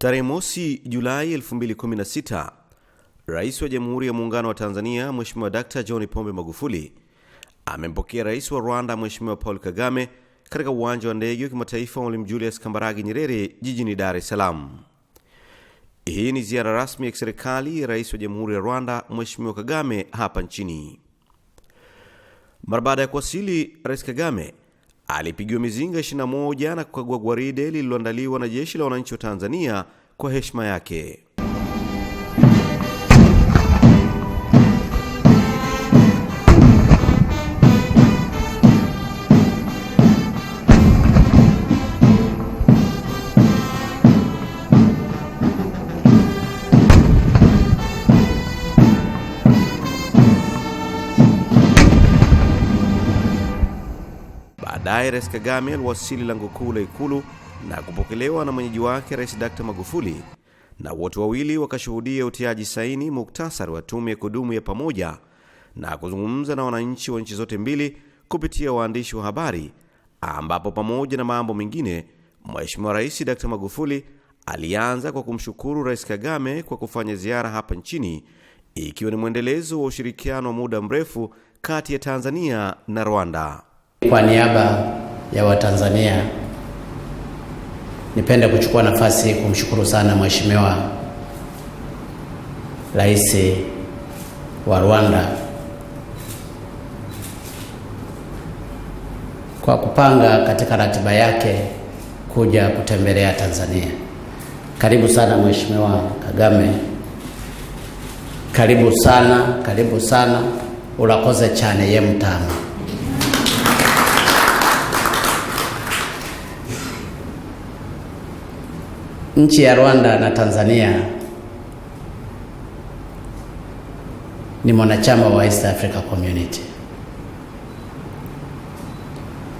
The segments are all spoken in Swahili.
Tarehe mosi Julai 2016, Rais wa Jamhuri ya Muungano wa Tanzania Mheshimiwa Dkt. John Pombe Magufuli amempokea Rais wa Rwanda Mheshimiwa Paul Kagame katika uwanja wa ndege wa kimataifa Mwalimu Julius Kambarage Nyerere jijini Dar es Salaam. Hii ni ziara rasmi ya kiserikali Rais wa Jamhuri ya Rwanda Mheshimiwa Kagame hapa nchini. Mara baada ya kuwasili, Rais Kagame alipigiwa mizinga 21 na kukagua gwaride lililoandaliwa na jeshi la wananchi wa Tanzania kwa heshima yake. Cyrus Kagame aliwasili lango kuu la Ikulu na kupokelewa na mwenyeji wake Rais Dr. Magufuli, na wote wawili wakashuhudia utiaji saini muktasari wa tume ya kudumu ya pamoja na kuzungumza na wananchi wa nchi zote mbili kupitia waandishi wa habari, ambapo pamoja na mambo mengine, Mheshimiwa Rais Dr. Magufuli alianza kwa kumshukuru Rais Kagame kwa kufanya ziara hapa nchini ikiwa ni mwendelezo wa ushirikiano wa muda mrefu kati ya Tanzania na Rwanda. Kwa niaba ya Watanzania nipende kuchukua nafasi kumshukuru sana Mheshimiwa Rais wa Rwanda kwa kupanga katika ratiba yake kuja kutembelea Tanzania. Karibu sana Mheshimiwa Kagame. Karibu sana, karibu sana urakoze chane ye mtama nchi ya Rwanda na Tanzania ni mwanachama wa East Africa Community,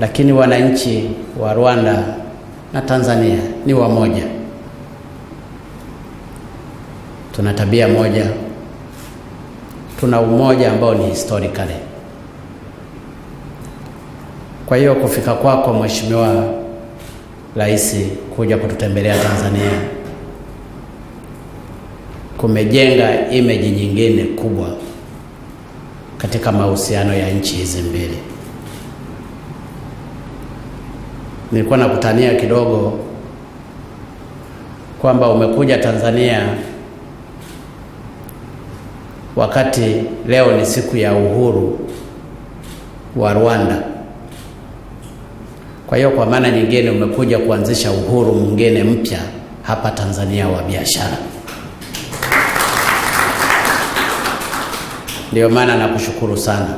lakini wananchi wa Rwanda na Tanzania ni wamoja, tuna tabia moja, tuna umoja ambao ni historically. Kwa hiyo kufika kwako mheshimiwa rais kuja kututembelea Tanzania kumejenga imeji nyingine kubwa katika mahusiano ya nchi hizi mbili. Nilikuwa nakutania kidogo kwamba umekuja Tanzania wakati leo ni siku ya uhuru wa Rwanda. Kwa hiyo kwa maana nyingine umekuja kuanzisha uhuru mwingine mpya hapa Tanzania wa biashara. Ndiyo maana nakushukuru sana,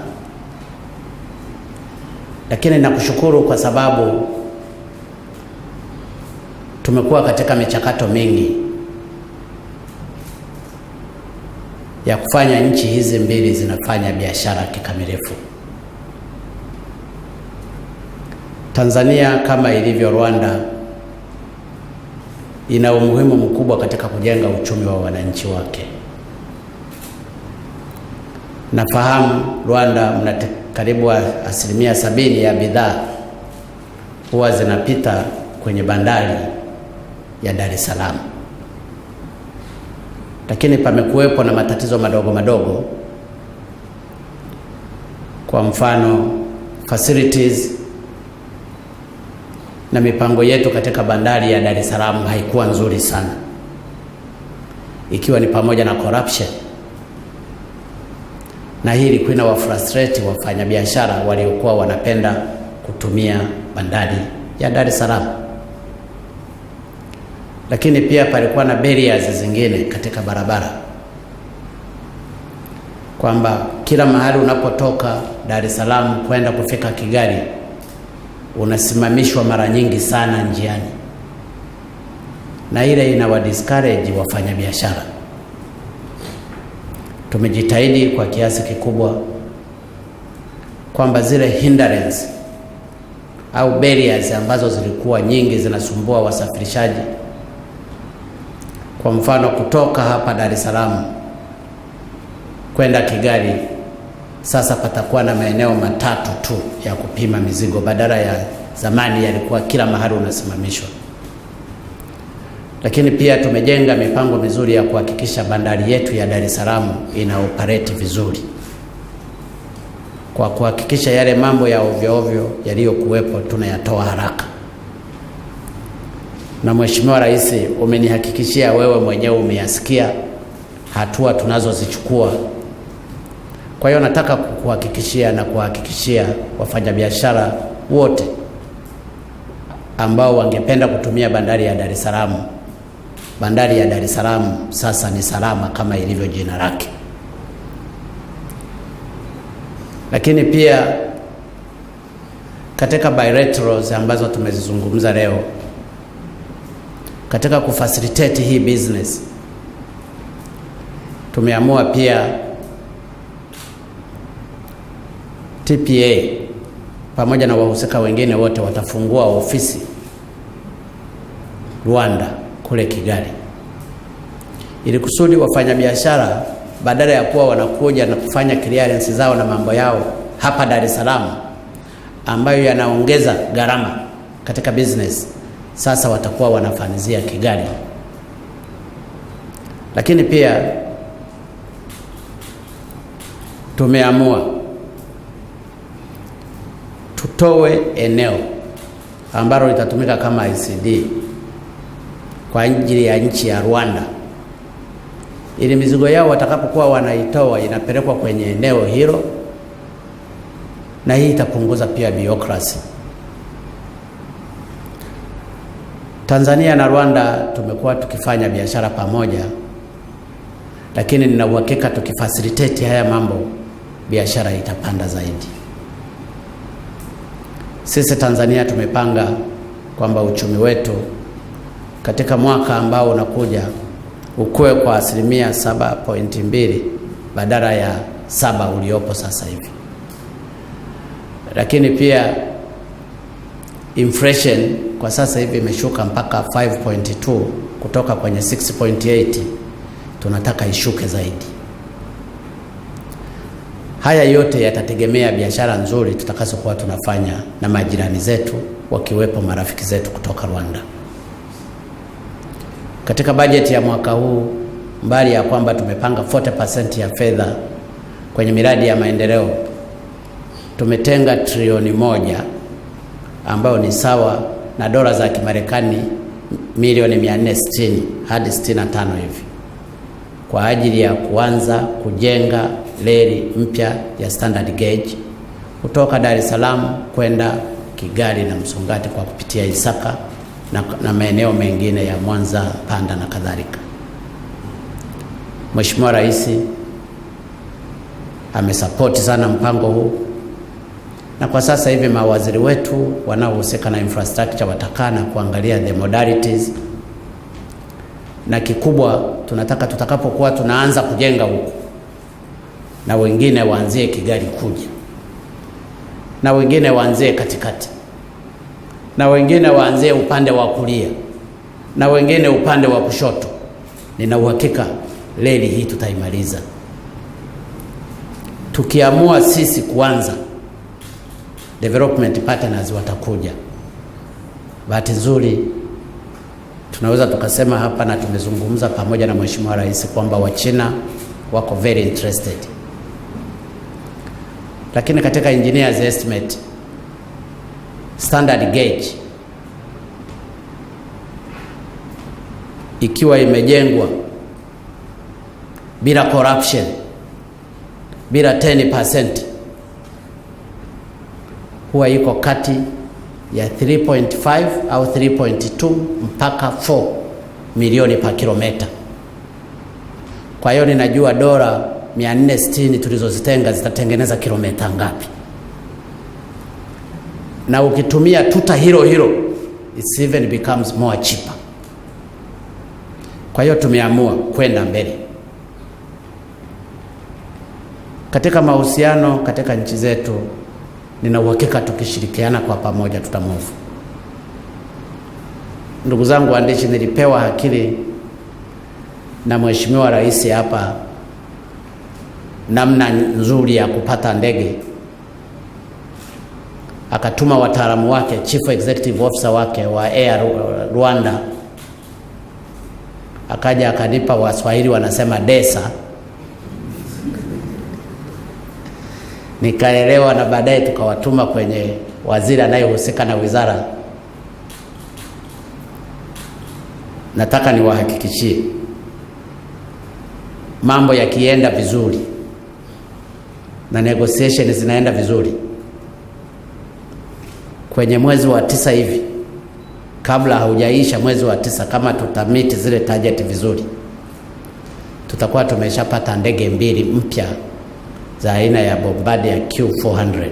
lakini nakushukuru kwa sababu tumekuwa katika michakato mingi ya kufanya nchi hizi mbili zinafanya biashara kikamilifu. Tanzania kama ilivyo Rwanda ina umuhimu mkubwa katika kujenga uchumi wa wananchi wake. Nafahamu Rwanda mna karibu asilimia sabini ya bidhaa huwa zinapita kwenye bandari ya Dar es Salaam, lakini pamekuwepo na matatizo madogo madogo, kwa mfano facilities na mipango yetu katika bandari ya Dar es Salaam haikuwa nzuri sana, ikiwa ni pamoja na corruption, na hii ilikuwa ina wafrustrate wafanyabiashara waliokuwa wanapenda kutumia bandari ya Dar es Salaam. Lakini pia palikuwa na barriers zingine katika barabara, kwamba kila mahali unapotoka Dar es Salaam kwenda kufika Kigali unasimamishwa mara nyingi sana njiani, na ile inawa discourage wafanyabiashara. Tumejitahidi kwa kiasi kikubwa kwamba zile hindrance au barriers ambazo zilikuwa nyingi zinasumbua wasafirishaji, kwa mfano kutoka hapa Dar es Salaam kwenda Kigali sasa patakuwa na maeneo matatu tu ya kupima mizigo, badala ya zamani yalikuwa kila mahali unasimamishwa. Lakini pia tumejenga mipango mizuri ya kuhakikisha bandari yetu ya Dar es Salaam ina operate vizuri kwa kuhakikisha yale mambo ya ovyo ovyo yaliyokuwepo tunayatoa haraka. Na Mheshimiwa Rais, umenihakikishia wewe mwenyewe umeyasikia hatua tunazozichukua kwa hiyo nataka kuhakikishia na kuhakikishia wafanyabiashara wote ambao wangependa kutumia bandari ya Dar es Salaam, bandari ya Dar es Salaam sasa ni salama kama ilivyo jina lake. Lakini pia katika bilaterals ambazo tumezizungumza leo, katika kufacilitate hii business tumeamua pia TPA pamoja na wahusika wengine wote watafungua ofisi Rwanda kule Kigali, ili kusudi wafanyabiashara badala ya kuwa wanakuja na kufanya clearance zao na mambo yao hapa Dar es Salaam, ambayo yanaongeza gharama katika business, sasa watakuwa wanafanizia Kigali. Lakini pia tumeamua tutoe eneo ambalo litatumika kama ICD kwa ajili ya nchi ya Rwanda, ili mizigo yao watakapokuwa wanaitoa inapelekwa kwenye eneo hilo, na hii itapunguza pia bureaucracy. Tanzania na Rwanda tumekuwa tukifanya biashara pamoja, lakini nina uhakika tukifacilitate haya mambo biashara itapanda zaidi. Sisi Tanzania tumepanga kwamba uchumi wetu katika mwaka ambao unakuja ukue kwa asilimia 7.2 badala ya saba uliopo sasa hivi, lakini pia inflation kwa sasa hivi imeshuka mpaka 5.2 kutoka kwenye 6.8. Tunataka ishuke zaidi. Haya yote yatategemea biashara nzuri tutakazokuwa tunafanya na majirani zetu wakiwepo marafiki zetu kutoka Rwanda. Katika bajeti ya mwaka huu, mbali ya kwamba tumepanga 40% ya fedha kwenye miradi ya maendeleo, tumetenga trilioni moja ambayo ni sawa na dola za Kimarekani milioni 460 hadi 65 hivi kwa ajili ya kuanza kujenga reli mpya ya standard gauge kutoka Dar es Salaam kwenda Kigali na Msongati kwa kupitia Isaka na, na maeneo mengine ya Mwanza, Panda na kadhalika. Mheshimiwa Rais amesapoti sana mpango huu na kwa sasa hivi mawaziri wetu wanaohusika na infrastructure watakaa na kuangalia the modalities na kikubwa tunataka tutakapokuwa tunaanza kujenga huku, na wengine waanzie Kigali kuja, na wengine waanzie katikati, na wengine waanzie upande wa kulia, na wengine upande wa kushoto. Nina uhakika reli hii tutaimaliza tukiamua sisi kuanza. Development partners watakuja, bahati nzuri tunaweza tukasema hapa, na tumezungumza pamoja na Mheshimiwa Rais kwamba Wachina wako very interested, lakini katika engineers estimate standard gauge ikiwa imejengwa bila corruption bila 10% huwa iko kati ya 3.5 au 3.2 mpaka 4 milioni pa kilomita. Kwa hiyo ninajua dola 460 tulizozitenga zitatengeneza kilomita ngapi? Na ukitumia tuta hilo hilo it even becomes more cheaper. Kwa hiyo tumeamua kwenda mbele katika mahusiano katika nchi zetu nina uhakika tukishirikiana kwa pamoja tutamuvu. Ndugu zangu waandishi, nilipewa akili na Mheshimiwa Rais hapa namna nzuri ya kupata ndege, akatuma wataalamu wake, chief executive officer wake wa Air Rwanda, akaja akanipa Waswahili wanasema desa nikaelewa, na baadaye tukawatuma kwenye waziri anayehusika na wizara. Nataka niwahakikishie mambo yakienda vizuri na negotiation zinaenda vizuri, kwenye mwezi wa tisa hivi, kabla haujaisha mwezi wa tisa, kama tutamiti zile target vizuri, tutakuwa tumeshapata ndege mbili mpya za aina ya Bombardier Q400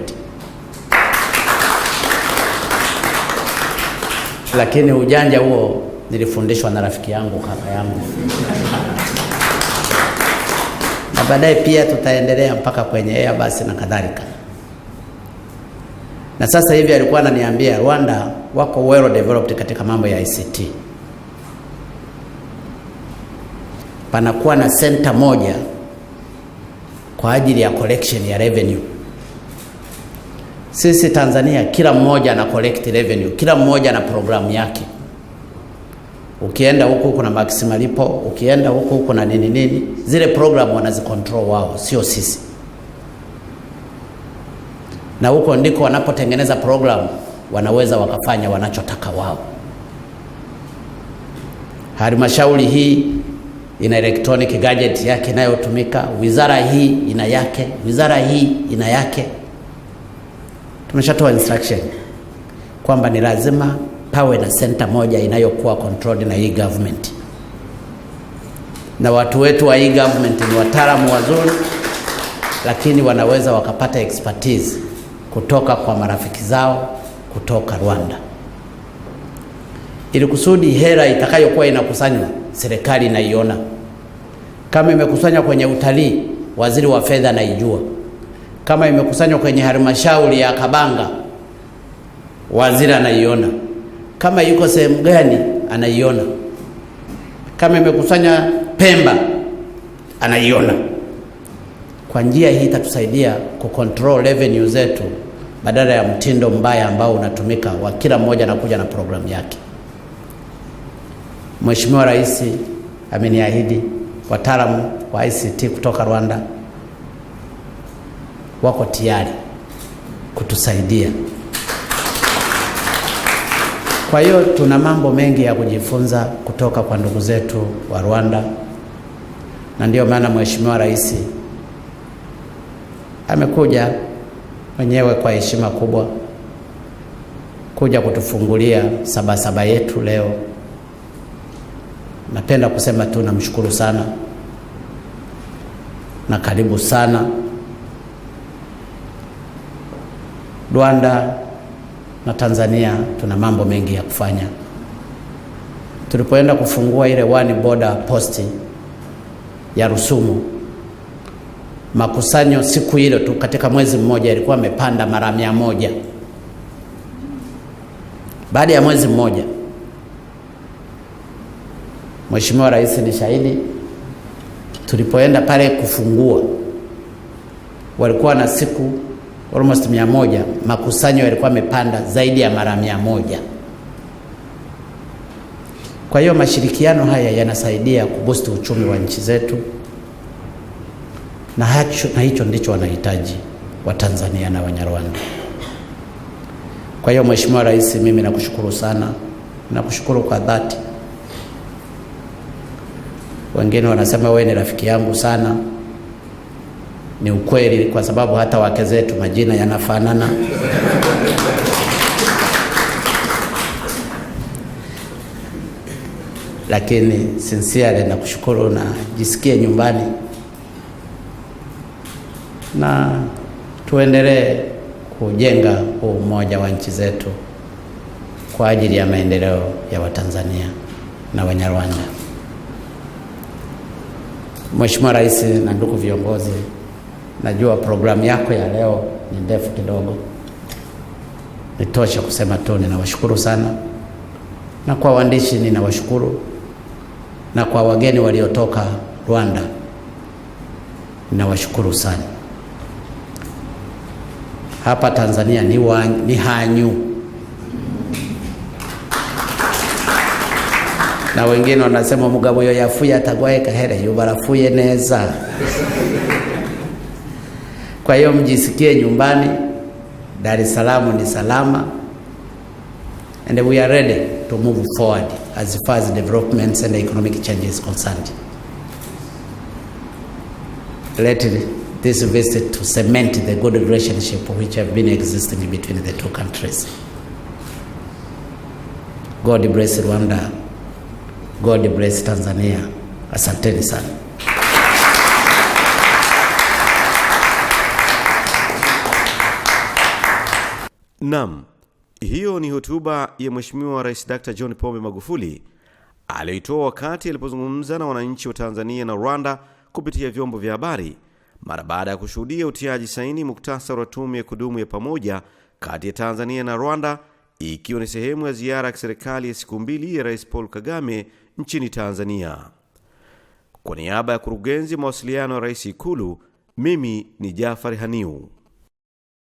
lakini ujanja huo nilifundishwa na rafiki yangu kaka yangu na baadaye pia tutaendelea mpaka kwenye Airbus na kadhalika. Na sasa hivi alikuwa ananiambia Rwanda wako well developed katika mambo ya ICT, panakuwa na center moja kwa ajili ya collection ya revenue. Sisi Tanzania kila mmoja ana collect revenue, kila mmoja ana programu yake. Ukienda huku kuna maximalipo, ukienda huku kuna nini nini, zile programu wanazicontrol wao, sio sisi, na huko ndiko wanapotengeneza programu wanaweza wakafanya wanachotaka wao. Halmashauri hii ina electronic gadget yake inayotumika, wizara hii ina yake, wizara hii ina yake. Tumeshatoa instruction kwamba ni lazima pawe na center moja inayokuwa controlled na hii government na watu wetu wa hii government ni wataalamu wazuri, lakini wanaweza wakapata expertise kutoka kwa marafiki zao kutoka Rwanda, ili kusudi hela itakayokuwa inakusanywa serikali inaiona Kama imekusanywa kwenye utalii, waziri wa fedha anaijua Kama imekusanywa kwenye halmashauri ya Kabanga, waziri anaiona. Kama yuko sehemu gani, anaiona. Kama imekusanywa Pemba, anaiona. Kwa njia hii itatusaidia control revenue zetu badala ya mtindo mbaya ambao unatumika wa kila mmoja anakuja na programu yake. Mheshimiwa Rais ameniahidi wataalamu wa ICT kutoka Rwanda wako tayari kutusaidia. Kwa hiyo tuna mambo mengi ya kujifunza kutoka kwa ndugu zetu wa Rwanda, na ndiyo maana Mheshimiwa Rais amekuja mwenyewe kwa heshima kubwa kuja kutufungulia Sabasaba yetu leo. Napenda kusema tu namshukuru sana na karibu sana Rwanda na Tanzania tuna mambo mengi ya kufanya. Tulipoenda kufungua ile one border post ya Rusumo, makusanyo siku hilo tu katika mwezi mmoja ilikuwa amepanda mara mia moja baada ya mwezi mmoja. Mheshimiwa Rais ni shahidi, tulipoenda pale kufungua walikuwa na siku almost mia moja, makusanyo yalikuwa yamepanda zaidi ya mara mia moja. Kwa hiyo mashirikiano haya yanasaidia kuboost uchumi wa nchi zetu na hicho, na hicho ndicho wanahitaji Watanzania na Wanyarwanda. Kwa hiyo Mheshimiwa Rais, mimi nakushukuru sana, nakushukuru kwa dhati. Wengine wanasema wewe ni rafiki yangu sana. Ni ukweli, kwa sababu hata wake zetu majina yanafanana lakini sincerely nakushukuru na jisikie nyumbani, na tuendelee kujenga huu umoja wa nchi zetu kwa ajili ya maendeleo ya Watanzania na Wanyarwanda. Mheshimiwa Rais na ndugu viongozi, najua programu yako ya leo ni ndefu kidogo. Nitosha kusema tu ninawashukuru sana, na kwa waandishi ninawashukuru, na kwa wageni waliotoka Rwanda ninawashukuru sana. Hapa Tanzania ni, wa, ni hanyu na wengine wanasema mugabo yo yafuye atagwaye kahere yo barafuye neza kwa hiyo mjisikie nyumbani Dar es Salaam ni salama and we are ready to move forward as far as developments and economic changes concerned let this visit to cement the good relationship which have been existing between the two countries God bless Rwanda God bless Tanzania. Asanteni sana. Naam, hiyo ni hotuba ya Mheshimiwa Rais Dr. John Pombe Magufuli aliyoitoa wakati alipozungumza na wananchi wa Tanzania na Rwanda kupitia vyombo vya habari mara baada ya kushuhudia utiaji saini muktasari wa tume ya kudumu ya pamoja kati ya Tanzania na Rwanda ikiwa ni sehemu ya ziara ya kiserikali ya siku mbili ya Rais Paul Kagame nchini Tanzania. Kwa niaba ya kurugenzi mawasiliano ya Rais Ikulu, mimi ni Jafari Haniu.